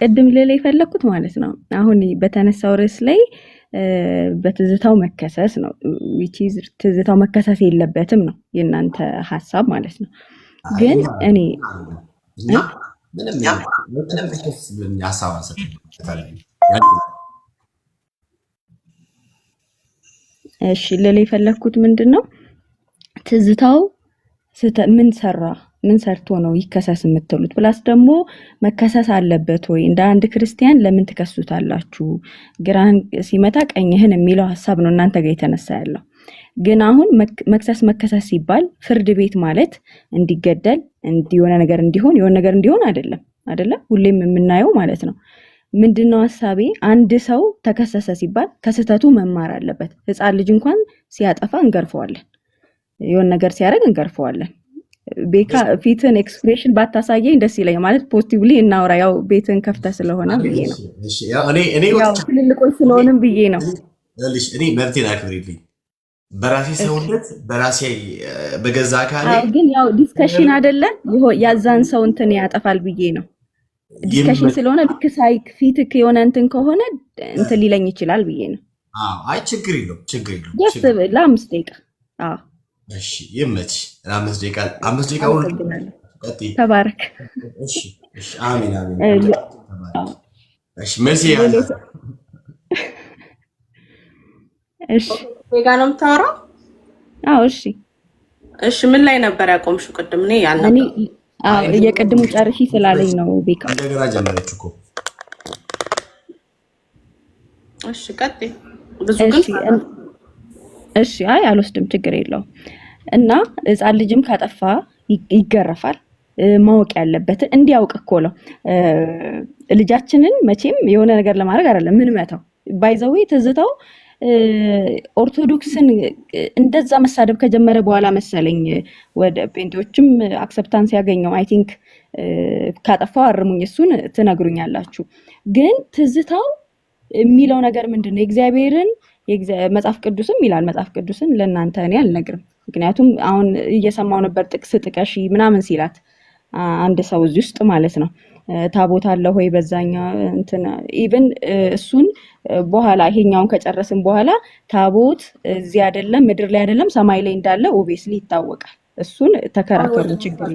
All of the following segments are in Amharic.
ቅድም ልል የፈለግኩት ማለት ነው አሁን በተነሳው ርዕስ ላይ በትዝታው መከሰስ ነው። ትዝታው መከሰስ የለበትም ነው የእናንተ ሀሳብ ማለት ነው። ግን እኔ እሺ ልል የፈለግኩት ምንድን ነው ትዝታው ምን ሰራ ምን ሰርቶ ነው ይከሰስ የምትሉት? ፕላስ ደግሞ መከሰስ አለበት ወይ? እንደ አንድ ክርስቲያን ለምን ትከሱታላችሁ? ግራን ሲመታ ቀኝህን የሚለው ሀሳብ ነው እናንተ ጋር የተነሳ ያለው። ግን አሁን መክሰስ መከሰስ ሲባል ፍርድ ቤት ማለት እንዲገደል የሆነ ነገር እንዲሆን የሆነ ነገር እንዲሆን አይደለም አይደለም ሁሌም የምናየው ማለት ነው። ምንድነው ሀሳቤ? አንድ ሰው ተከሰሰ ሲባል ከስህተቱ መማር አለበት። ህፃን ልጅ እንኳን ሲያጠፋ እንገርፈዋለን፣ የሆነ ነገር ሲያደርግ እንገርፈዋለን። ቤካ ፊትን ኤክስፕሬሽን ባታሳየኝ ደስ ይለኛል። ማለት ፖዚቲቭሊ እናውራ። ያው ቤትን ከፍተ ስለሆነ ብዬ ነው ትልልቆች ስለሆንም ብዬ ነው። እኔ መብቴን አክብሪልኝ በራሴ ሰውነት በራሴ በገዛ አካል ግን ያው ዲስከሽን አይደለም ያዛን ሰው እንትን ያጠፋል ብዬ ነው። ዲስከሽን ስለሆነ ልክ ሳይክ ፊትክ የሆነ እንትን ከሆነ እንትን ሊለኝ ይችላል ብዬ ነው። አይ ችግር የለውም ችግር የለውም ለአምስት ደቂቃ እሺ ይመች። አምስት ደቂቃ አምስት ደቂቃ ሁሉ ተባረክ። እሺ እሺ፣ አሜን አሜን። እሺ መሲ እሺ፣ ነው የምታወራው? አዎ እሺ እሺ። ምን ላይ ነበር ያቆምሽው? ቅድም እኔ የቅድሙ ጨርሺ ስላለኝ ነው። ቤካ እንደገና ጀመረች እኮ። እሺ ቀጥይ። ብዙ ግን እሺ፣ አይ አልወስድም፣ ችግር የለውም። እና ህፃን ልጅም ካጠፋ ይገረፋል። ማወቅ ያለበትን እንዲያውቅ እኮ ነው። ልጃችንን መቼም የሆነ ነገር ለማድረግ አይደለም ምን መተው ባይዘዌ ትዝተው ኦርቶዶክስን እንደዛ መሳደብ ከጀመረ በኋላ መሰለኝ ወደ ጴንጤዎችም አክሰፕታንስ ያገኘው። አይ ቲንክ ካጠፋው አርሙኝ፣ እሱን ትነግሩኛላችሁ። ግን ትዝታው የሚለው ነገር ምንድን ነው? እግዚአብሔርን መጽሐፍ ቅዱስም ይላል መጽሐፍ ቅዱስን ለእናንተ እኔ አልነግርም። ምክንያቱም አሁን እየሰማው ነበር ጥቅስ ጥቀሽ ምናምን ሲላት አንድ ሰው እዚህ ውስጥ ማለት ነው ታቦት አለ ሆይ በዛኛ እንትን ኢቭን እሱን በኋላ ይሄኛውን ከጨረስን በኋላ ታቦት እዚህ አይደለም ምድር ላይ አይደለም ሰማይ ላይ እንዳለ ኦብቪየስሊ ይታወቃል። እሱን ተከራከሩ፣ ችግር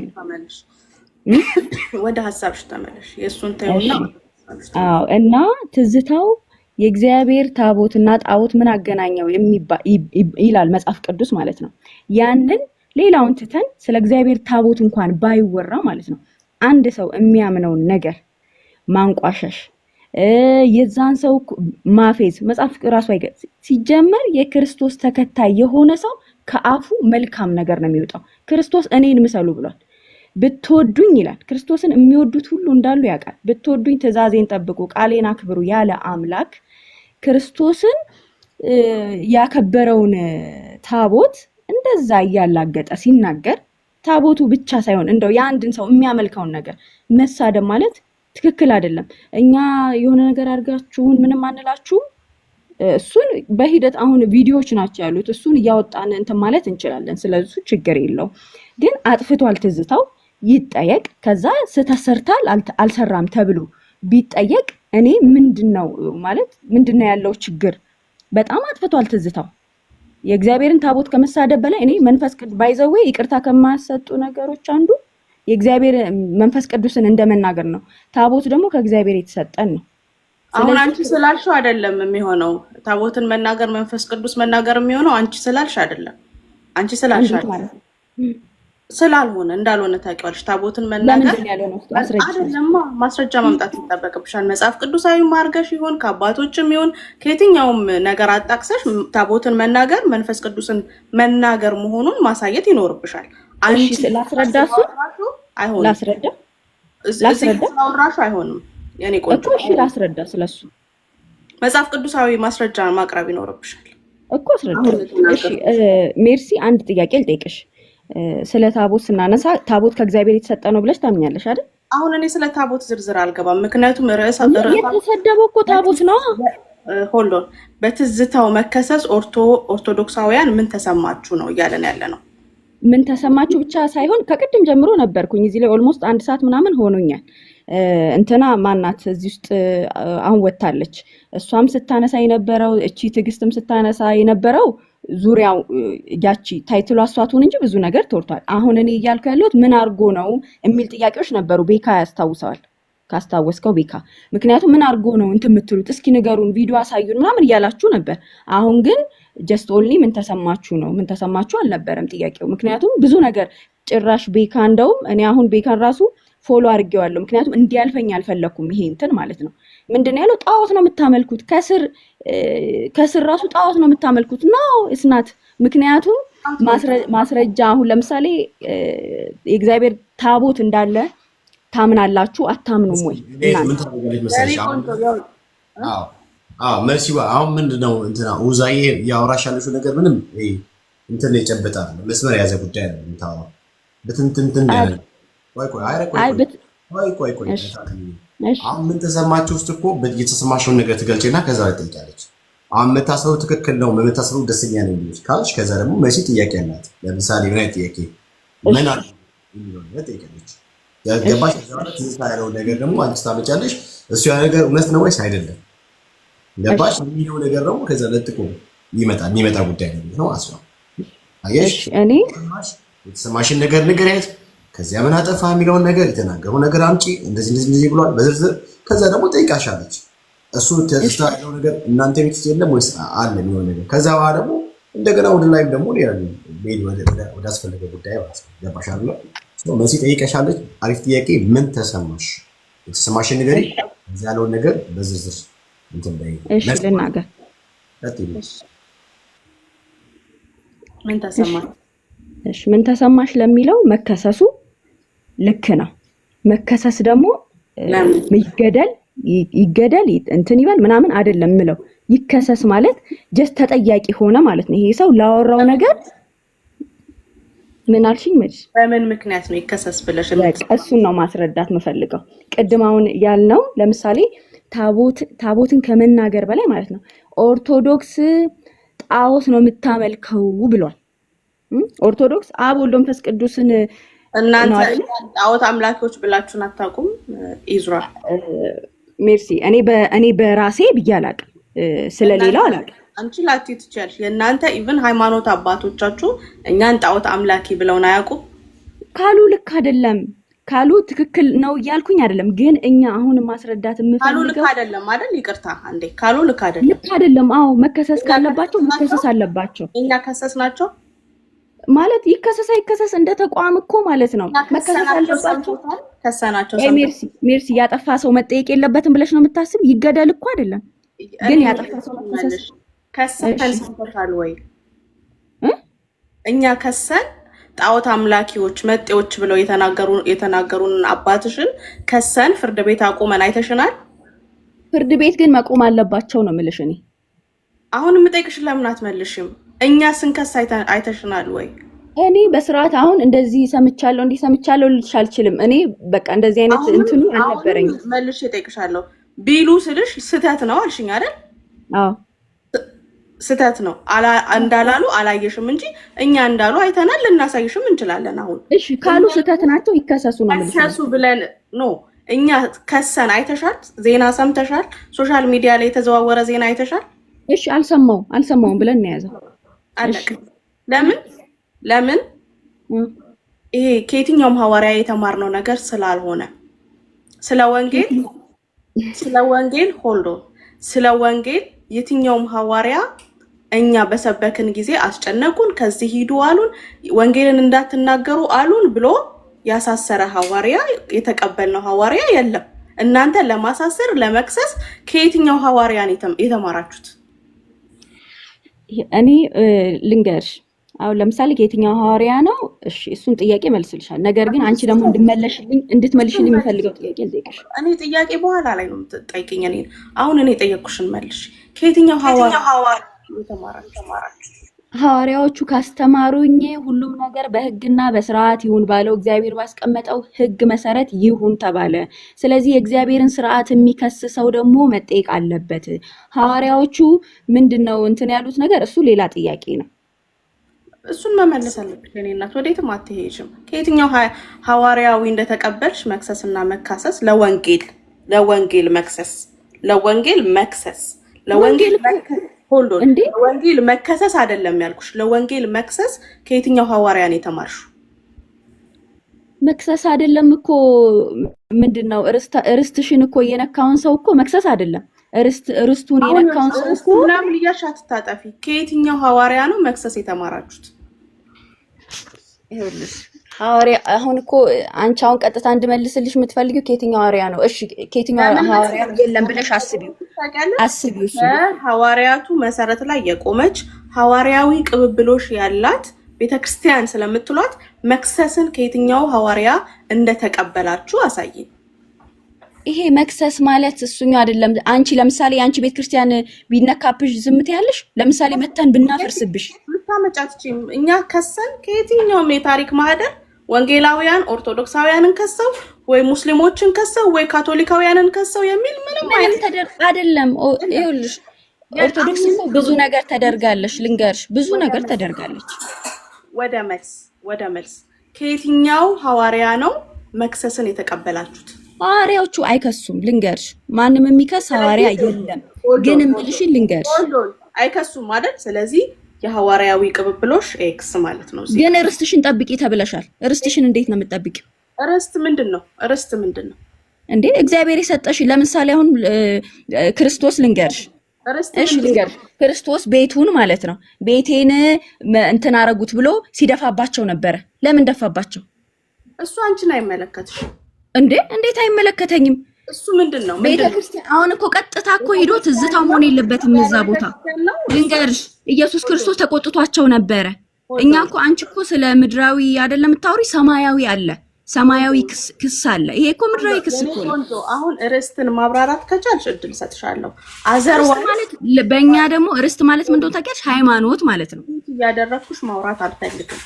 ወደ ሀሳብሽ ተመለሽ። የእሱን እና ትዝታው የእግዚአብሔር ታቦትና ጣዖት ምን አገናኘው ይላል መጽሐፍ ቅዱስ ማለት ነው። ያንን ሌላውን ትተን ስለ እግዚአብሔር ታቦት እንኳን ባይወራ ማለት ነው አንድ ሰው የሚያምነውን ነገር ማንቋሸሽ የዛን ሰው ማፌዝ መጽሐፍ ራሱ አይገልጽ። ሲጀመር የክርስቶስ ተከታይ የሆነ ሰው ከአፉ መልካም ነገር ነው የሚወጣው። ክርስቶስ እኔን ምሰሉ ብሏል። ብትወዱኝ ይላል ክርስቶስን የሚወዱት ሁሉ እንዳሉ ያውቃል። ብትወዱኝ ትእዛዜን ጠብቁ፣ ቃሌን አክብሩ ያለ አምላክ ክርስቶስን ያከበረውን ታቦት እንደዛ እያላገጠ ሲናገር ታቦቱ ብቻ ሳይሆን እንደው የአንድን ሰው የሚያመልከውን ነገር መሳደብ ማለት ትክክል አይደለም። እኛ የሆነ ነገር አድርጋችሁን ምንም አንላችሁም። እሱን በሂደት አሁን ቪዲዮዎች ናቸው ያሉት። እሱን እያወጣን እንትን ማለት እንችላለን። ስለዚህ ችግር የለው። ግን አጥፍቷል ትዝታው ይጠየቅ። ከዛ ስተሰርታል አልሰራም ተብሎ ቢጠየቅ እኔ ምንድን ነው ማለት ምንድን ነው ያለው ችግር? በጣም አጥፍቶ ትዝታው። የእግዚአብሔርን ታቦት ከመሳደብ በላይ እኔ መንፈስ ቅዱስ ባይዘዌ ይቅርታ ከማያሰጡ ነገሮች አንዱ የእግዚአብሔር መንፈስ ቅዱስን እንደመናገር ነው። ታቦት ደግሞ ከእግዚአብሔር የተሰጠን ነው። አሁን አንቺ ስላልሽ አይደለም የሚሆነው ታቦትን መናገር መንፈስ ቅዱስ መናገር የሚሆነው አንቺ ስላልሽ አይደለም አንቺ ስላልሽ አይደለም ስላልሆነ እንዳልሆነ ታውቂዋለሽ። ታቦትን መናገር አይደለማ ማስረጃ ማምጣት ይጠበቅብሻል። መጽሐፍ ቅዱሳዊ ማርገሽ ይሆን ከአባቶችም ይሆን ከየትኛውም ነገር አጣቅሰሽ ታቦትን መናገር መንፈስ ቅዱስን መናገር መሆኑን ማሳየት ይኖርብሻል። ላስረዳ ላስረዳ ላስረዳራሹ አይሆንም። የኔ ቆንጆ እሺ፣ ላስረዳ ስለሱ መጽሐፍ ቅዱሳዊ ማስረጃ ማቅረብ ይኖርብሻል እኮ አስረዳ። ሜርሲ አንድ ጥያቄ ልጠይቅሽ ስለ ታቦት ስናነሳ ታቦት ከእግዚአብሔር የተሰጠ ነው ብለሽ ታምኛለሽ አይደል? አሁን እኔ ስለ ታቦት ዝርዝር አልገባም። ምክንያቱም ርዕስ የተሰደበው እኮ ታቦት ነው። ሆሎን በትዝታው መከሰስ ኦርቶዶክሳውያን ምን ተሰማችሁ ነው እያለን ያለ ነው። ምን ተሰማችሁ ብቻ ሳይሆን ከቅድም ጀምሮ ነበርኩኝ እዚህ ላይ ኦልሞስት አንድ ሰዓት ምናምን ሆኖኛል። እንትና ማናት እዚህ ውስጥ አሁን ወጥታለች። እሷም ስታነሳ የነበረው እቺ ትዕግስትም ስታነሳ የነበረው ዙሪያው ያቺ ታይትሏ እሷ ትሁን እንጂ ብዙ ነገር ተወርቷል። አሁን እኔ እያልኩ ያለሁት ምን አድርጎ ነው የሚል ጥያቄዎች ነበሩ። ቤካ ያስታውሰዋል ካስታወስከው ቤካ። ምክንያቱም ምን አድርጎ ነው እንትን የምትሉት እስኪ ንገሩን፣ ቪዲዮ አሳዩን ምናምን እያላችሁ ነበር። አሁን ግን ጀስት ኦንሊ ምን ተሰማችሁ ነው። ምን ተሰማችሁ አልነበረም ጥያቄው። ምክንያቱም ብዙ ነገር ጭራሽ ቤካ እንደውም እኔ አሁን ቤካን ራሱ ፎሎ አድርጌዋለሁ። ምክንያቱም እንዲያልፈኝ አልፈለኩም ይሄ እንትን ማለት ነው ምንድን ነው ያለው? ጣዖት ነው የምታመልኩት። ከስር ከስር ራሱ ጣዖት ነው የምታመልኩት ነው እስናት። ምክንያቱም ማስረጃ አሁን ለምሳሌ የእግዚአብሔር ታቦት እንዳለ ታምናላችሁ አታምኑም ወይ? አዎ አሁን ምንድነው እንትና ውዛዬ ያወራሽ ያለሽው ነገር ምንም እንትን ይጨበጣል መስመር የያዘ ጉዳይ ነው የምታወራው። ብትንትንትን ያለ ቆይ ቆይ ቆይ ቆይ አሁን ምን ተሰማችሁ ውስጥ እኮ የተሰማሽውን ነገር ትገልጭና ከዛ ላይ ትጠይቃለች። አሁን መታሰሩ ትክክል ነው፣ በመታሰሩ ደስኛ ነው የሚሉት ካልሽ፣ ከዛ ደግሞ መሲ ጥያቄ አላት። ለምሳሌ ሆነ ጥያቄ ምን አለ የሚለው ነገር ያገባሽ ትዝታ ያለው ነገር ደግሞ አንቺ ታመጫለሽ። እሱ ያ ነገር እውነት ነው ወይስ አይደለም ገባሽ የሚለው ነገር ደግሞ ከዛ ለጥቆ ይመጣ የሚመጣ ጉዳይ ነው ነው አስራ አየሽ፣ እኔ የተሰማሽን ነገር ንገሪያት ከዚያ ምን አጠፋ የሚለውን ነገር የተናገረው ነገር አምጪ፣ እንደዚህ እንደዚህ ብሏል በዝርዝር ከዛ ደግሞ ጠይቃሻለች። እሱ ተስታ ያለው ነገር እናንተ ቤት የለም ወይስ አለ የሚሆን ነገር ከዛ በኋላ ደግሞ እንደገና ወደ ላይም ደግሞ ወደ አስፈለገ ጉዳይ ገባሻለ። መሲ ጠይቀሻለች። አሪፍ ጥያቄ። ምን ተሰማሽ? የተሰማሽን ንገሪ። እዚ ያለውን ነገር በዝርዝር ልናገር። ምን ተሰማሽ ለሚለው መከሰሱ ልክ ነው። መከሰስ ደግሞ ይገደል ይገደል እንትን ይበል ምናምን አይደለም ምለው ይከሰስ ማለት ጀስት ተጠያቂ ሆነ ማለት ነው። ይሄ ሰው ላወራው ነገር ምን አልሽኝ? መች በምን ምክንያት ነው ይከሰስ ብለሽ እሱን ነው ማስረዳት የምፈልገው ቅድም አሁን ያልነው ለምሳሌ ታቦትን ከመናገር በላይ ማለት ነው። ኦርቶዶክስ ጣዖት ነው የምታመልከው ብሏል። ኦርቶዶክስ አብ ወልድ መንፈስ ቅዱስን እናንተ ጣዖት አምላኪዎች ብላችሁን አታውቁም? ይዙራ ሜርሲ። እኔ በራሴ ብዬ አላውቅም፣ ስለሌላው አላውቅም። አንቺ ላቲ ትችያለሽ። የእናንተ ኢቨን ሃይማኖት አባቶቻችሁ እኛን ጣዖት አምላኪ ብለውን አያውቁም ካሉ ልክ አይደለም ካሉ ትክክል ነው እያልኩኝ አይደለም። ግን እኛ አሁን ማስረዳት የምፈልገው ካሉ ልክ አይደለም አይደል? ይቅርታ አንዴ፣ ካሉ ልክ አይደለም፣ ልክ አይደለም። አዎ መከሰስ ካለባቸው መከሰስ አለባቸው። እኛ ከሰስ ናቸው ማለት ይከሰስ እንደ ተቋም እኮ ማለት ነው ሜርሲ ያጠፋ ሰው መጠየቅ የለበትም ብለሽ ነው የምታስብ? ይገደል እኮ አይደለም ግን ወይ? እኛ ከሰን ጣዖት አምላኪዎች መጤዎች ብለው የተናገሩን አባትሽን ከሰን ፍርድ ቤት አቁመን አይተሽናል። ፍርድ ቤት ግን መቆም አለባቸው ነው የምልሽ እኔ። አሁን የምጠይቅሽን ለምን አትመልሽም? እኛ ስንከስ አይተሽናል ወይ? እኔ በስርዓት አሁን እንደዚህ ሰምቻለሁ እንዲህ ሰምቻለሁ ልልሽ አልችልም። እኔ በቃ እንደዚህ አይነት እንትኑ አልነበረኝ። መልሽ እጠይቅሻለሁ ቢሉ ስልሽ ስህተት ነው አልሽኝ አይደል? አዎ ስህተት ነው እንዳላሉ አላየሽም እንጂ እኛ እንዳሉ አይተናል። ልናሳይሽም እንችላለን። አሁን እሺ ካሉ ስህተት ናቸው ይከሰሱ ነው ይከሰሱ ብለን ኖ እኛ ከሰን። አይተሻል? ዜና ሰምተሻል? ሶሻል ሚዲያ ላይ የተዘዋወረ ዜና አይተሻል? እሺ አልሰማው አልሰማውም ብለን ነው ለምን ለምን ይሄ ከየትኛውም ሐዋርያ የተማርነው ነገር ስላልሆነ ስለ ወንጌል ስለ ወንጌል ሆልዶ ስለ ወንጌል የትኛውም ሐዋርያ እኛ በሰበክን ጊዜ አስጨነቁን፣ ከዚህ ሂዱ አሉን፣ ወንጌልን እንዳትናገሩ አሉን ብሎ ያሳሰረ ሐዋርያ የተቀበልነው ሐዋርያ የለም። እናንተ ለማሳሰር ለመክሰስ ከየትኛው ሐዋርያን የተማራችሁት? እኔ ልንገርሽ አሁን ለምሳሌ ከየትኛው ሐዋርያ ነው? እሺ እሱን ጥያቄ መልስልሻል። ነገር ግን አንቺ ደግሞ እንድመለሽልኝ እንድትመልሽልኝ የምፈልገው ጥያቄ ልጠይቅሽ። እኔ ጥያቄ በኋላ ላይ ነው የምትጠይቅኝ። እኔ አሁን እኔ ጠየቅኩሽን መልሽ። ከየትኛው ሐዋርያ ነው የተማራችሁ? ሐዋርያዎቹ ካስተማሩኝ ሁሉም ነገር በሕግና በስርዓት ይሁን ባለው እግዚአብሔር ባስቀመጠው ሕግ መሰረት ይሁን ተባለ። ስለዚህ የእግዚአብሔርን ስርዓት የሚከስ ሰው ደግሞ መጠየቅ አለበት። ሐዋርያዎቹ ምንድን ነው እንትን ያሉት ነገር እሱ ሌላ ጥያቄ ነው። እሱን መመለስ አለብሽ የእኔ እናት፣ ወዴትም አትሄጅም። ከየትኛው ሐዋርያዊ እንደተቀበልሽ መክሰስ እና መካሰስ ለወንጌል ለወንጌል መክሰስ ለወንጌል መክሰስ ለወንጌል መክሰስ ሆልዶ ወንጌል መከሰስ አይደለም ያልኩሽ። ለወንጌል መክሰስ ከየትኛው ሐዋርያን የተማርሹ? መክሰስ አይደለም እኮ ምንድን ነው? ርስትሽን እኮ የነካውን ሰው እኮ መክሰስ አይደለም። ርስቱን የነካውን ሰው እኮ ምናምን እያልሽ አትታጠፊ። ከየትኛው ሐዋርያ ነው መክሰስ የተማራችሁት? ይኸውልሽ ሐዋርያ አሁን እኮ አንቺ አሁን ቀጥታ እንድመልስልሽ የምትፈልጊው ከየትኛው ሐዋርያ ነው? እሺ ከየትኛው ሐዋርያ የለም ብለሽ አስቢው አስቢው። ሐዋርያቱ መሰረት ላይ የቆመች ሐዋርያዊ ቅብብሎሽ ያላት ቤተክርስቲያን ስለምትሏት መክሰስን ከየትኛው ሐዋርያ እንደተቀበላችሁ አሳይ ይሄ መክሰስ ማለት እሱኛ አይደለም። አንቺ ለምሳሌ አንቺ ቤተክርስቲያን ቢነካብሽ ዝም ትያለሽ? ለምሳሌ መተን ብናፈርስብሽ ምታመጫትችም። እኛ ከሰን ከየትኛውም የታሪክ ማህደር ወንጌላውያን ኦርቶዶክሳውያንን ከሰው ወይ ሙስሊሞችን ከሰው ወይ ካቶሊካውያንን ከሰው የሚል ምንም አይነት አይደለም። ይኸውልሽ ኦርቶዶክስ ብዙ ነገር ተደርጋለች። ልንገርሽ ብዙ ነገር ተደርጋለች። ወደ መልስ ወደ መልስ ከየትኛው ሐዋርያ ነው መክሰስን የተቀበላችሁት? ሐዋርያዎቹ አይከሱም። ልንገርሽ ማንም የሚከስ ሐዋርያ የለም። ግን ምልሽን ልንገርሽ አይከሱም ማለት ስለዚህ የሐዋርያዊ ቅብብሎሽ ኤክስ ማለት ነው። ግን እርስትሽን ጠብቂ ተብለሻል። እርስትሽን እንዴት ነው የምጠብቂው? እርስት ምንድን ነው? እርስት ምንድን ነው እንዴ? እግዚአብሔር የሰጠሽ ለምሳሌ አሁን ክርስቶስ ልንገርሽ እሺ ልንገር፣ ክርስቶስ ቤቱን ማለት ነው ቤቴን እንትን አረጉት ብሎ ሲደፋባቸው ነበረ። ለምን ደፋባቸው? እሱ አንቺን አይመለከትሽ እንዴ? እንዴት አይመለከተኝም? እሱ ምንድን ነው ቤተክርስቲያን? አሁን እኮ ቀጥታ እኮ ሄዶ ትዝታ መሆን የለበትም እዛ ቦታ። ልንገርሽ ኢየሱስ ክርስቶስ ተቆጥቷቸው ነበረ። እኛ እኮ አንቺ እኮ ስለ ምድራዊ አይደለም የምታወሪ፣ ሰማያዊ አለ፣ ሰማያዊ ክስ አለ። ይሄ እኮ ምድራዊ ክስ እኮ ነው። አሁን ርስትን ማብራራት ከቻልሽ እድል ሰጥሻለሁ። አዘር ማለት በእኛ ደግሞ ርስት ማለት ምን እንደሆነ ታውቂያለሽ? ሃይማኖት ማለት ነው። ያደረኩሽ ማውራት አልፈልግም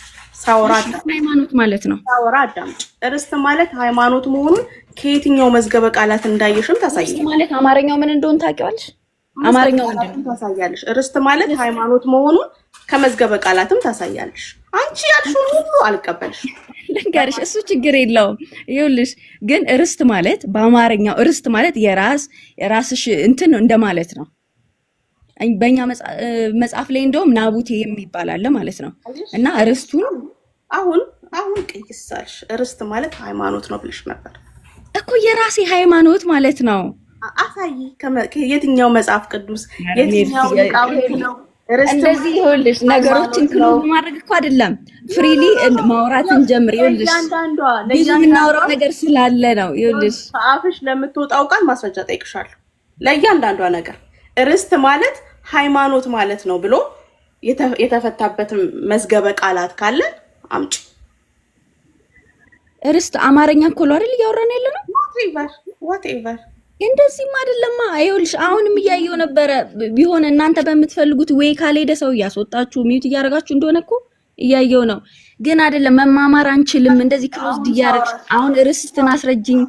ሃይማኖት ማለት ነው። ሳወራ አዳምጭ። ርስት ማለት ሃይማኖት መሆኑን ከየትኛው መዝገበ ቃላት እንዳየሽም ታሳይ ማለት አማርኛው ምን እንደሆን ታውቂዋለሽ። አማርኛው ምንድን ነው ታሳያለሽ። ርስት ማለት ሃይማኖት መሆኑን ከመዝገበ ቃላትም ታሳያለሽ። አንቺ ያልሽውን ሁሉ አልቀበልሽ ልንገርሽ፣ እሱ ችግር የለውም። ይኸውልሽ ግን ርስት ማለት በአማርኛው ርስት ማለት የራስ የራስሽ እንትን እንደማለት ነው በእኛ መጽሐፍ ላይ እንደውም ናቡቴ የሚባል አለ ማለት ነው። እና ርስቱን አሁን አሁን ቅይሳሽ ርስት ማለት ሃይማኖት ነው ብልሽ ነበር እኮ የራሴ ሃይማኖት ማለት ነው። አሳይ የትኛው መጽሐፍ ቅዱስ የትኛው እንደዚህ ይኸውልሽ፣ ነገሮችን ክሎ ማድረግ እኮ አይደለም፣ ፍሪሊ ማውራትን ጀምር። ይኸውልሽ ብዙ የምናወራው ነገር ስላለ ነው። ይኸውልሽ አፍሽ ለምትወጣው ቃል ማስረጃ ጠይቅሻለሁ ለእያንዳንዷ ነገር ርስት ማለት ሃይማኖት ማለት ነው ብሎ የተፈታበትን መዝገበ ቃላት ካለ አምጪ። ርስት አማርኛ እኮ ነው አይደል? እያወራን ያለ ነው። ዋትኤቨር እንደዚህም አይደለማ። ይኸውልሽ አሁንም እያየው ነበረ ቢሆን እናንተ በምትፈልጉት ወይ ካልሄደ ሰው እያስወጣችሁ ሚዩት እያደረጋችሁ እንደሆነ እኮ እያየው ነው። ግን አይደለም መማማር አንችልም። እንደዚህ ክሎዝድ እያደረግሽ አሁን ርስትን አስረጅኝ፣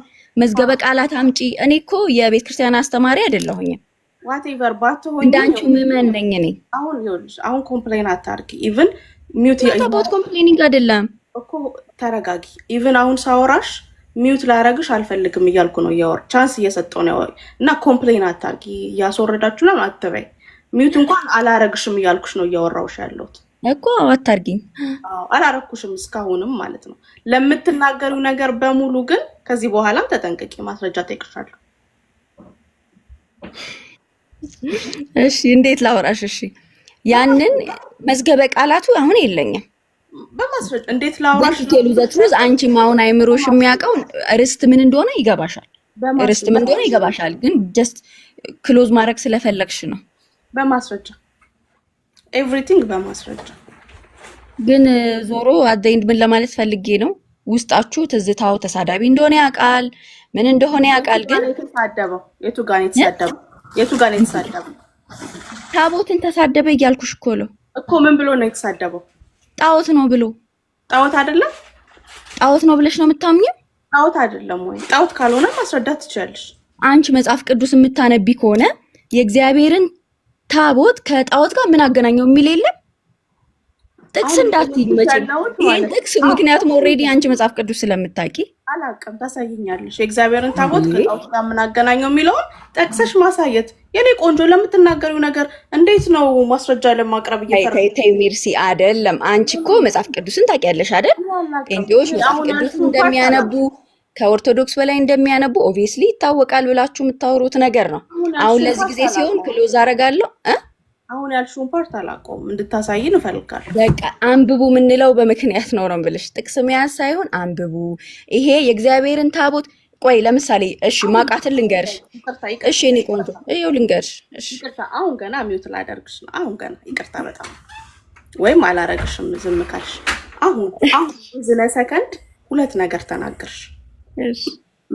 መዝገበ ቃላት አምጪ። እኔ እኮ የቤተክርስቲያን አስተማሪ አይደለሁኝም ዋቴቨር ባትሆን እንዳንቺ ምመን ነኝ እኔ። አሁን ይኸውልሽ፣ አሁን ኮምፕሌን አታርጊ። ኢቭን ሚውት ያቦት ኮምፕሌኒንግ አይደለም እኮ ተረጋጊ። ኢቭን አሁን ሳወራሽ ሚውት ላረግሽ አልፈልግም እያልኩ ነው፣ እያወር ቻንስ እየሰጠው ነው እና ኮምፕሌን አታርጊ። እያስወረዳችሁ ነው አትበይ። ሚውት እንኳን አላረግሽም እያልኩሽ ነው እያወራውሽ ያለሁት እኮ አታርጊኝ። አላረኩሽም እስካሁንም ማለት ነው። ለምትናገሪው ነገር በሙሉ ግን ከዚህ በኋላም ተጠንቀቂ። ማስረጃ ጠይቅሻለሁ። እሺ እንዴት ላወራሽ? እሺ ያንን መዝገበ ቃላቱ አሁን የለኝም። በማስረጃ እንዴት ላወራሽ? አንቺ ማውን አይምሮሽ የሚያውቀው ርስት ምን እንደሆነ ይገባሻል። ርስት ምን እንደሆነ ይገባሻል። ግን ጀስት ክሎዝ ማድረግ ስለፈለግሽ ነው። በማስረጃ ኤቭሪቲንግ በማስረጃ ግን ዞሮ አደይን ምን ለማለት ፈልጌ ነው ውስጣችሁ ትዝታው ተሳዳቢ እንደሆነ ያውቃል፣ ምን እንደሆነ ያውቃል። ግን የቱ ጋር ነው የተሳደበው? የቱ ጋር ነው የተሳደበው? ታቦትን ተሳደበ እያልኩሽ እኮ ነው እኮ። ምን ብሎ ነው የተሳደበው? ጣዖት ነው ብሎ። ጣዖት አይደለም? ጣዖት ነው ብለሽ ነው የምታምኘው? ጣዖት አይደለም ወይ? ጣዖት ካልሆነ ማስረዳት ትችላለሽ። አንቺ መጽሐፍ ቅዱስ የምታነቢ ከሆነ የእግዚአብሔርን ታቦት ከጣዖት ጋር ምን አገናኘው የሚል የለም ጥቅስ እንዳትይኝ መቼም ይሄን ጥቅስ፣ ምክንያቱም ኦልሬዲ አንቺ መጽሐፍ ቅዱስ ስለምታውቂ አላውቅም። ታሳይኛለሽ። የእግዚአብሔርን ታቦት ከጣዖት ጋር የምናገናኘው የሚለውን ጠቅሰሽ ማሳየት የኔ ቆንጆ። ለምትናገሪው ነገር እንዴት ነው ማስረጃ ለማቅረብ እየተይ ሚርሲ አይደለም። አንቺ እኮ መጽሐፍ ቅዱስን ታውቂያለሽ አይደል? ጴንጤዎች መጽሐፍ ቅዱስ እንደሚያነቡ ከኦርቶዶክስ በላይ እንደሚያነቡ ኦብቪየስሊ ይታወቃል ብላችሁ የምታወሩት ነገር ነው። አሁን ለዚህ ጊዜ ሲሆን ክሎዝ አደርጋለሁ አሁን ያልሽውን ፓርት አላውቀውም፣ እንድታሳይን እፈልጋለሁ። በቃ አንብቡ የምንለው በምክንያት ነው ነው ብልሽ ጥቅስ መያዝ ሳይሆን አንብቡ። ይሄ የእግዚአብሔርን ታቦት ቆይ፣ ለምሳሌ እሺ፣ ማቃትን ልንገርሽ። እሺ፣ እኔ ቆንጆ ይኸው ልንገርሽ። አሁን ገና ሚውት ላደርግሽ ነው። አሁን ገና ይቅርታ፣ በጣም ወይም አላረግሽም። ዝም ካልሽ አሁን አሁን ዝነ ሰከንድ ሁለት ነገር ተናገርሽ።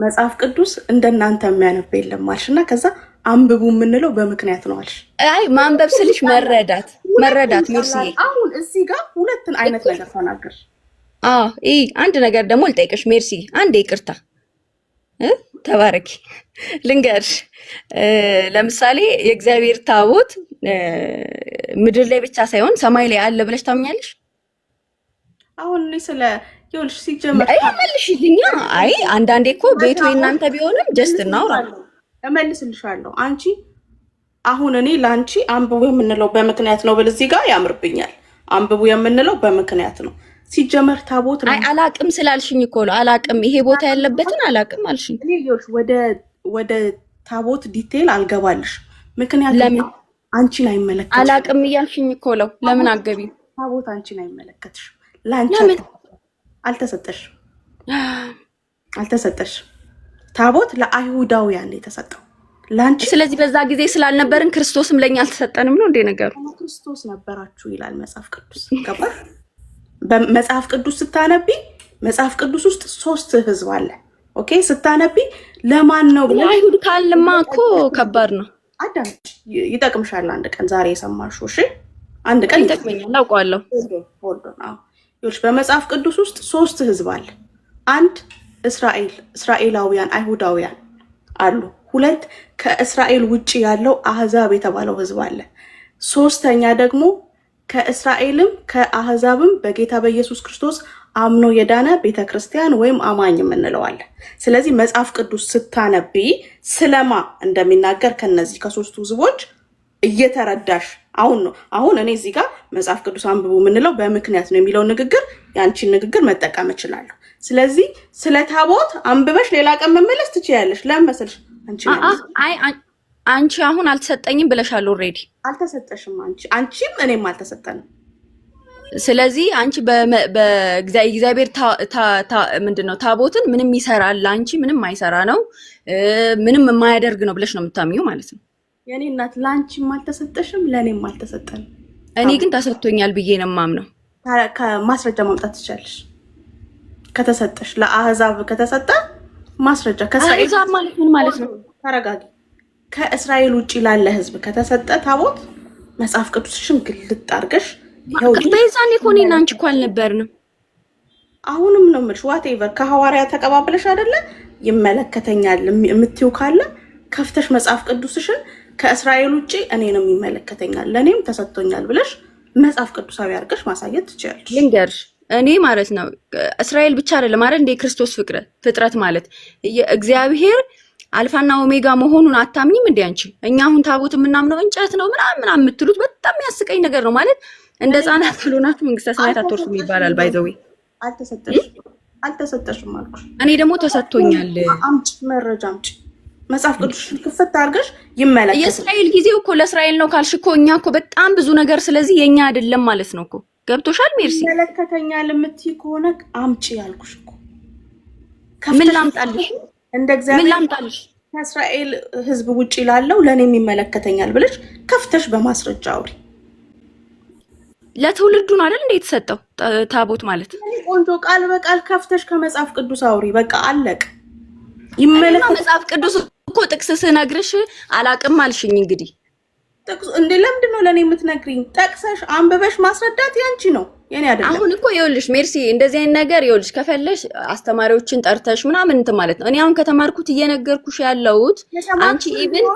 መጽሐፍ ቅዱስ እንደናንተ የሚያነብ የለም አልሽ እና ከዛ አንብቡ የምንለው በምክንያት ነው አልሽ። አይ ማንበብ ስልሽ መረዳት መረዳት ሚርሲ አሁን እዚህ ጋር ሁለትን አይነት ነገር ተናገር። አዎ አንድ ነገር ደግሞ ልጠይቅሽ ሜርሲ፣ አንድ ይቅርታ ተባረኪ ልንገርሽ። ለምሳሌ የእግዚአብሔር ታቦት ምድር ላይ ብቻ ሳይሆን ሰማይ ላይ አለ ብለሽ ታምኛለሽ? አሁን ስለ ይኸውልሽ ሲጀመር አይ መልሽልኛ። አይ አንዳንዴ እኮ ቤቱ የእናንተ ቢሆንም ጀስት እናውራለን እመልስልሻለሁ። አንቺ አሁን እኔ ለአንቺ አንብቡ የምንለው በምክንያት ነው ብል እዚህ ጋር ያምርብኛል። አንብቡ የምንለው በምክንያት ነው። ሲጀመር ታቦት ነው። አይ አላቅም ስላልሽኝ እኮ ነው። አላቅም ይሄ ቦታ ያለበትን አላቅም አልሽኝ። እኔ ወደ ወደ ታቦት ዲቴል አልገባልሽ። ምክንያት ለምን አንቺን አይመለከትሽም። አላቅም እያልሽኝ እኮ ነው። ለምን አገቢ ታቦት አንቺን አይመለከትሽም። ለአንቺ አልተሰጠሽም አልተሰጠሽም ታቦት ለአይሁዳውያን የተሰጠው ለአንቺ። ስለዚህ በዛ ጊዜ ስላልነበርን ክርስቶስም ለእኛ አልተሰጠንም ነው እንዴ ነገሩ? ክርስቶስ ነበራችሁ ይላል መጽሐፍ ቅዱስ። ገባሽ? በመጽሐፍ ቅዱስ ስታነቢ መጽሐፍ ቅዱስ ውስጥ ሶስት ህዝብ አለ። ኦኬ፣ ስታነቢ ለማን ነው? ለአይሁድ ካልማ እኮ ከባድ ነው። አዳምጪ፣ ይጠቅምሻል። አንድ ቀን ዛሬ የሰማሽው እሺ፣ አንድ ቀን ይጠቅመኛል፣ አውቀዋለሁ። በመጽሐፍ ቅዱስ ውስጥ ሶስት ህዝብ አለ። አንድ እስራኤል እስራኤላውያን አይሁዳውያን አሉ። ሁለት ከእስራኤል ውጭ ያለው አህዛብ የተባለው ህዝብ አለ። ሶስተኛ ደግሞ ከእስራኤልም ከአህዛብም በጌታ በኢየሱስ ክርስቶስ አምኖ የዳነ ቤተ ክርስቲያን ወይም አማኝ የምንለዋለን። ስለዚህ መጽሐፍ ቅዱስ ስታነቢ ስለማ እንደሚናገር ከነዚህ ከሶስቱ ህዝቦች እየተረዳሽ አሁን ነው። አሁን እኔ እዚህ ጋር መጽሐፍ ቅዱስ አንብቡ የምንለው በምክንያት ነው የሚለው ንግግር የአንቺን ንግግር መጠቀም እችላለሁ። ስለዚህ ስለ ታቦት አንብበሽ ሌላ ቀን መመለስ ትችያለሽ። ለምን አንቺ አይ አንቺ አሁን አልተሰጠኝም ብለሻል። ኦልሬዲ አልተሰጠሽም። አንቺ አንቺም እኔም አልተሰጠንም። ስለዚህ አንቺ በእግዚአብሔር ምንድን ነው ታቦትን ምንም ይሰራል፣ ለአንቺ ምንም አይሰራ ነው፣ ምንም የማያደርግ ነው ብለሽ ነው የምታምኙ ማለት ነው። የኔ እናት ለአንቺም አልተሰጠሽም፣ ለእኔም አልተሰጠንም። እኔ ግን ተሰጥቶኛል ብዬ ነው የማምነው። ማስረጃ ማምጣት ትችላለሽ። ከተሰጠሽ ለአህዛብ ከተሰጠ ማስረጃ ከእስራኤል ማለት ምን ማለት ነው? ተረጋጊ። ከእስራኤል ውጭ ላለ ህዝብ ከተሰጠ ታቦት መጽሐፍ ቅዱስሽን ግልጥ አድርገሽ በዛኔ እኮ እኔና አንቺ እኮ አልነበርንም። አሁንም ነው የምልሽ። ዋቴቨር ከሐዋርያ ተቀባብለሽ አይደለ ይመለከተኛል የምትይው ካለ ከፍተሽ መጽሐፍ ቅዱስሽን ከእስራኤል ውጭ እኔንም ይመለከተኛል ለእኔም ተሰጥቶኛል ብለሽ መጽሐፍ ቅዱሳዊ አድርገሽ ማሳየት ትችላለሽ። ልንገርሽ እኔ ማለት ነው እስራኤል ብቻ አይደለም ማለት እንደ ክርስቶስ ፍቅረ ፍጥረት ማለት እግዚአብሔር አልፋና ኦሜጋ መሆኑን አታምኝም እንዴ አንቺ? እኛ አሁን ታቦት የምናምነው እንጨት ነው ምናምን ምናምን የምትሉት በጣም ያስቀኝ ነገር ነው ማለት እንደ ህጻናት ብሎናችሁ መንግስተ ሰማያት አትወርሱም ይባላል። ባይዘዌ አልተሰጠሽም አልኩሽ። እኔ ደግሞ ተሰጥቶኛል። አምጭ መረጃ አምጭ፣ መጽሐፍ ቅዱስ ክፍት አድርገሽ ይመለከታል። የእስራኤል ጊዜው እኮ ለእስራኤል ነው ካልሽ እኮ እኛ እኮ በጣም ብዙ ነገር ስለዚህ የኛ አይደለም ማለት ነው እኮ ገብቶሻል? ሜርሲ ይመለከተኛል የምትይ ከሆነ አምጪ ያልኩሽ እኮ ምን ላምጣልሽ? እንደ እግዚአብሔር ከእስራኤል ሕዝብ ውጭ ላለው ለእኔም ይመለከተኛል ብለሽ ከፍተሽ በማስረጃ አውሪ። ለትውልዱ ነው አይደል እንደ የተሰጠው ታቦት ማለት ቆንጆ ቃል በቃል ከፍተሽ ከመጽሐፍ ቅዱስ አውሪ። በቃ አለቅ ይመለከ መጽሐፍ ቅዱስ እኮ ጥቅስ ስነግርሽ አላቅም አልሽኝ እንግዲህ እንዴ ለምንድን ነው ለእኔ የምትነግሪኝ? ጠቅሰሽ አንብበሽ ማስረዳት ያንቺ ነው የኔ አይደለም። አሁን እኮ ይኸውልሽ ሜርሲ እንደዚህ አይነት ነገር ይኸውልሽ ከፈለሽ አስተማሪዎችን ጠርተሽ ምናምን እንትን ማለት ነው። እኔ አሁን ከተማርኩት እየነገርኩሽ ያለሁት አንቺ ኢቭን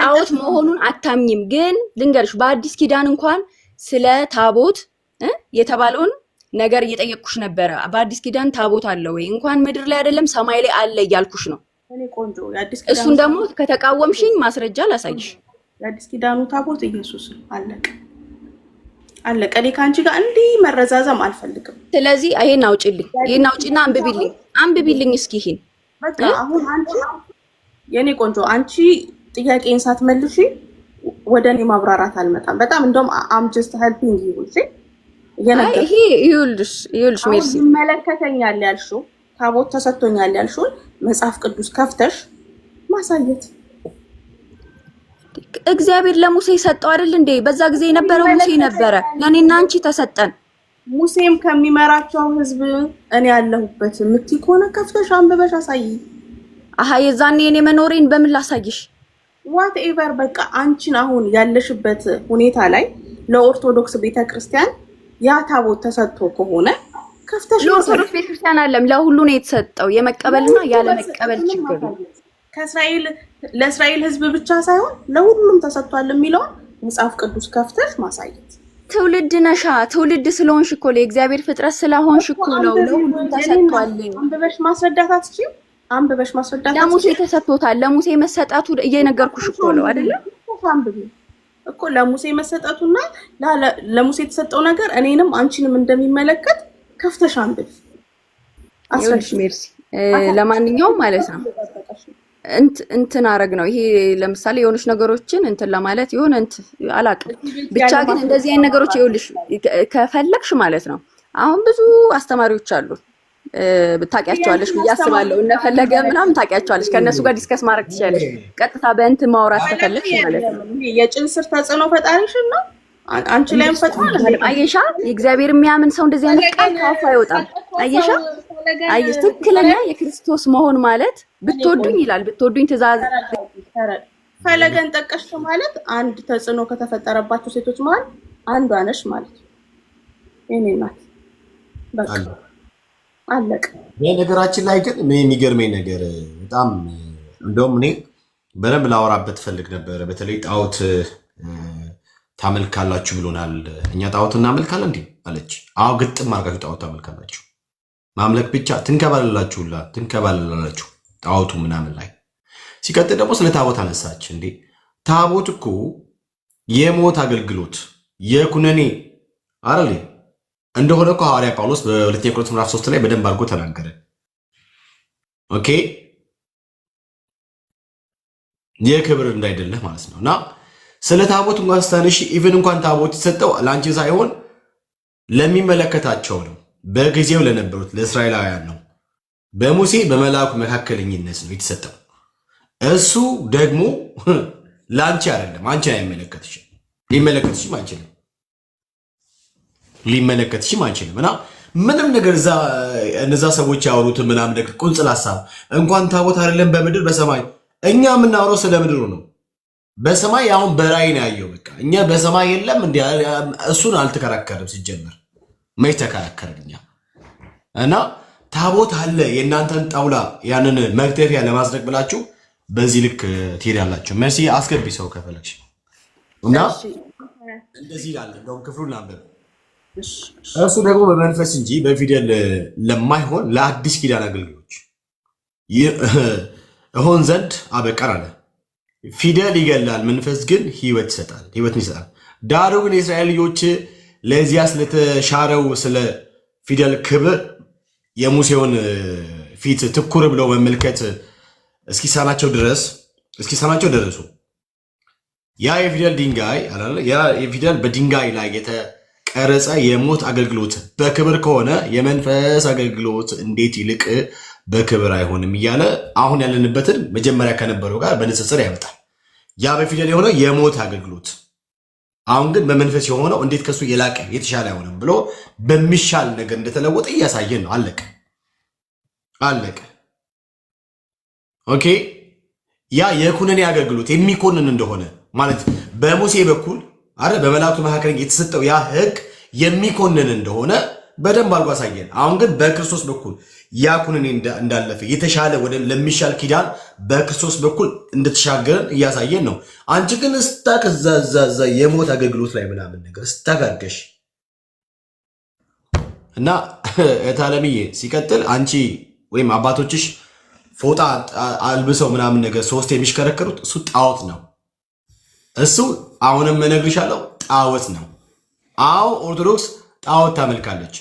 ጣዖት መሆኑን አታምኝም። ግን ልንገርሽ በአዲስ ኪዳን እንኳን ስለ ታቦት የተባለውን ነገር እየጠየቅኩሽ ነበረ። በአዲስ ኪዳን ታቦት አለ ወይ? እንኳን ምድር ላይ አይደለም ሰማይ ላይ አለ እያልኩሽ ነው። እሱን ደግሞ ከተቃወምሽኝ ማስረጃ ላሳይሽ። የአዲስ ኪዳኑ ታቦት ኢየሱስ አለቀ አለቀ። እኔ ከአንቺ ጋር እንዲህ መረዛዘም አልፈልግም። ስለዚህ ይሄን አውጪልኝ፣ ይሄን አውጪና አንብቢልኝ፣ አንብቢልኝ እስኪ ይሄን በቃ። አሁን አንቺ የኔ ቆንጆ አንቺ ጥያቄን ሳትመልሺ ወደ እኔ ማብራራት አልመጣም። በጣም እንደውም አም ጀስት ሄልፒንግ ይሁን ሲ ይሄ ይኸውልሽ፣ ይኸውልሽ ሜርሲ ይመለከተኛል ያልሽው ታቦት ተሰጥቶኛል ያልሽውን መጽሐፍ ቅዱስ ከፍተሽ ማሳየት እግዚአብሔር ለሙሴ ሰጠው አይደል እንዴ? በዛ ጊዜ የነበረው ሙሴ ነበረ፣ ለእኔና አንቺ ተሰጠን። ሙሴም ከሚመራቸው ህዝብ እኔ ያለሁበት የምትይ ከሆነ ከፍተሽ አንብበሽ አሳይ። አሀ የዛኔ እኔ መኖሬን በምን ላሳይሽ? ዋት ኤቨር በቃ አንቺን አሁን ያለሽበት ሁኔታ ላይ ለኦርቶዶክስ ቤተክርስቲያን ያ ታቦት ተሰጥቶ ከሆነ ከፍተሽ ለኦርቶዶክስ ቤተክርስቲያን አለም ለሁሉ ነው የተሰጠው። የመቀበልና ያለመቀበል ችግር ከእስራኤል ለእስራኤል ህዝብ ብቻ ሳይሆን ለሁሉም ተሰጥቷል የሚለውን መጽሐፍ ቅዱስ ከፍተሽ ማሳየት። ትውልድ ነሻ ትውልድ ስለሆንሽ እኮ የእግዚአብሔር ፍጥረት ስለሆንሽ እኮ ነው። ለሁሉም ተሰጥቷል። አንብበሽ ማስረዳት አትችይም። አንብበሽ ማስረዳት ለሙሴ ተሰጥቶታል። ለሙሴ መሰጣቱ እየነገርኩሽ እኮ ነው አይደለም እኮ ለሙሴ መሰጠቱና ለሙሴ የተሰጠው ነገር እኔንም አንቺንም እንደሚመለከት ከፍተሽ አንብብ። ሜርሲ ለማንኛውም ማለት ነው እንትን አረግ ነው ይሄ ለምሳሌ የሆነች ነገሮችን እንትን ለማለት የሆነ እንትን አላውቅም። ብቻ ግን እንደዚህ አይነት ነገሮች ይኸውልሽ ከፈለግሽ ማለት ነው አሁን ብዙ አስተማሪዎች አሉ ታውቂያቸዋለሽ ብዬ አስባለሁ። እነፈለገ ምናምን ታውቂያቸዋለሽ። ከእነሱ ጋር ዲስከስ ማድረግ ትችላለሽ። ቀጥታ በእንትን ማውራት ከፈለግሽ ማለት ነው የጭን ስር ተጽዕኖ ፈጣሪሽ ነው አንቺ ላይ ፈጥሯል። አየሻ የእግዚአብሔር የሚያምን ሰው እንደዚህ አይነት ቃል ካፉ አይወጣም። አየሻ አየሽ፣ ትክክለኛ የክርስቶስ መሆን ማለት ብትወዱኝ ይላል። ብትወዱኝ ትእዛዝ ፈለገን ጠቀሽ ማለት አንድ ተጽዕኖ ከተፈጠረባቸው ሴቶች መሀል አንዷ ነሽ ማለት እኔ የእኔ በቃ አለቀ። በነገራችን ላይ ግን የሚገርመኝ ነገር በጣም እንደውም እኔ በደንብ ላወራበት ፈልግ ነበረ በተለይ ጣዖት ታመልካላችሁ ብሎናል። እኛ ጣዖት እናመልካለን እንዲ አለች። አዎ ግጥም አድርጋችሁ ጣዖት ታመልካላችሁ። ማምለክ ብቻ ትንከባለላችሁላ ትንከባለላላችሁ ጣዖቱ ምናምን ላይ ሲቀጥል ደግሞ ስለ ታቦት አነሳች። እንዴ ታቦት እኮ የሞት አገልግሎት የኩነኔ አረሌ እንደሆነ እኮ ሐዋርያ ጳውሎስ በሁለተኛ ቆሮንቶስ ምዕራፍ 3 ላይ በደንብ አድርጎ ተናገረ። ኦኬ የክብር እንዳይደለህ ማለት ነው እና ስለ ታቦት እንኳን ስታነሺ ኢቨን እንኳን ታቦት የሰጠው ለአንቺ ሳይሆን ለሚመለከታቸው ነው። በጊዜው ለነበሩት ለእስራኤላውያን ነው። በሙሴ በመልአኩ መካከለኝነት ነው የተሰጠው። እሱ ደግሞ ለአንቺ አይደለም። አንቺ አይመለከትሽም፣ ሊመለከትሽም አይችልም፣ ሊመለከትሽም አይችልም እና ምንም ነገር እዛ እነዛ ሰዎች ያወሩት ምናምን ነገር ቁንጽል ሀሳብ እንኳን ታቦት አይደለም በምድር በሰማይ እኛ የምናወራው ስለ ምድሩ ነው። በሰማይ አሁን በራይ ነው ያየው። በቃ እኛ በሰማይ የለም እንዲ እሱን አልተከራከርም። ሲጀመር መች ተከራከርን እኛ እና ታቦት አለ የእናንተን ጣውላ ያንን መግደፊያ ለማጽደቅ ብላችሁ በዚህ ልክ ትሄዳላችሁ። መርሲ አስገቢ ሰው ከፈለግሽ እና እንደዚህ ይላል። እንደውም ክፍሉን አንብብ። እሱ ደግሞ በመንፈስ እንጂ በፊደል ለማይሆን ለአዲስ ኪዳን አገልግሎች እሆን ዘንድ አበቀር አለ ፊደል ይገላል፣ መንፈስ ግን ህይወት ይሰጣል ህይወትን ይሰጣል። ዳሩ ግን የእስራኤል ልጆች ለዚያ ስለተሻረው ስለ ፊደል ክብር የሙሴውን ፊት ትኩር ብለው መመልከት እስኪሳናቸው ድረስ እስኪሳናቸው ደረሱ። ያ የፊደል ድንጋይ ያ የፊደል በድንጋይ ላይ የተቀረጸ የሞት አገልግሎት በክብር ከሆነ የመንፈስ አገልግሎት እንዴት ይልቅ በክብር አይሆንም እያለ አሁን ያለንበትን መጀመሪያ ከነበረው ጋር በንጽጽር ያመጣል። ያ በፊደል የሆነው የሞት አገልግሎት፣ አሁን ግን በመንፈስ የሆነው እንዴት ከሱ የላቀ የተሻለ አይሆንም ብሎ በሚሻል ነገር እንደተለወጠ እያሳየን ነው። አለቀ አለቀ። ኦኬ። ያ የኩነኔ አገልግሎት የሚኮንን እንደሆነ ማለት በሙሴ በኩል አረ በመላእክቱ መካከል የተሰጠው ያ ህግ የሚኮንን እንደሆነ በደንብ አድርጎ አሳየን። አሁን ግን በክርስቶስ በኩል ያኩንን እንዳለፈ የተሻለ ወደ ለሚሻል ኪዳን በክርስቶስ በኩል እንደተሻገረን እያሳየን ነው። አንቺ ግን ስታክ ከዛዛዛ የሞት አገልግሎት ላይ ምናምን ነገር ስታጋገሽ እና እታለምዬ ሲቀጥል አንቺ ወይም አባቶችሽ ፎጣ አልብሰው ምናምን ነገር ሶስት የሚሽከረከሩት እሱ ጣዖት ነው። እሱ አሁንም እነግርሻለሁ ጣዖት ነው። አዎ ኦርቶዶክስ ጣዖት ታመልካለች።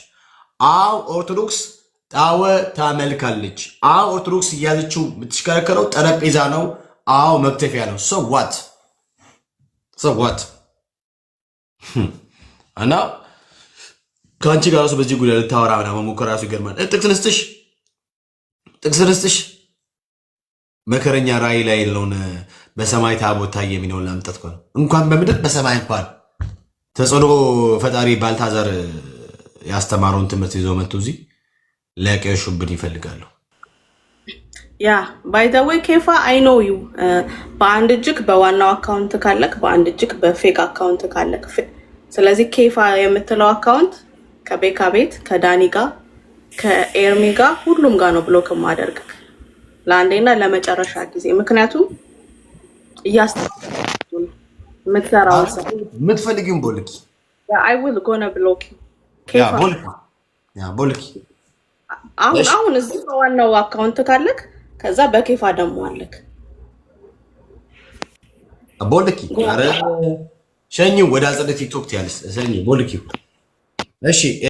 አዎ ኦርቶዶክስ ጣወ ታመልካለች። አ ኦርቶዶክስ እያዘችው የምትሽከረከረው ጠረጴዛ ነው። አዎ መክተፊያ ነው። ሶ ዋት ሶ ዋት እና ከአንቺ ጋር ራሱ በዚህ ጉዳይ ልታወራ ምናምን መሞከር ራሱ ይገርማል። ጥቅስ ንስጥሽ ጥቅስ ንስጥሽ መከረኛ ራእይ ላይ የለውን በሰማይ ታቦት ታየ የሚለውን ላምጠት ነው። እንኳን በምድር በሰማይ እንኳን ተጽዕኖ ፈጣሪ ባልታዘር ያስተማረውን ትምህርት ይዞ መጥቶ እዚህ ሊያቀሹብን ይፈልጋሉ። ያ ባይዘወይ ኬፋ አይ አይኖ ዩ በአንድ እጅግ በዋናው አካውንት ካለክ በአንድ እጅግ በፌክ አካውንት ካለክ። ስለዚህ ኬፋ የምትለው አካውንት ከቤካ ቤት ከዳኒ ጋር ከኤርሚ ጋር ሁሉም ጋር ነው ብሎክ ማደርግ ለአንዴና ለመጨረሻ ጊዜ። ምክንያቱም እያስ የምትሰራውን ሰው የምትፈልጊውን ቦልኪ አይውል ጎነ ብሎኪ ቦልኪ አሁን አሁን እዚህ በዋናው አካውንት ካለክ ከዛ በኬፋ ደሞ አለክ ቦልኪ ኧረ ሸኚው ወደ አጸደ ቲክቶክ ትያለሽ። ሸኝ ቦልኪ እሺ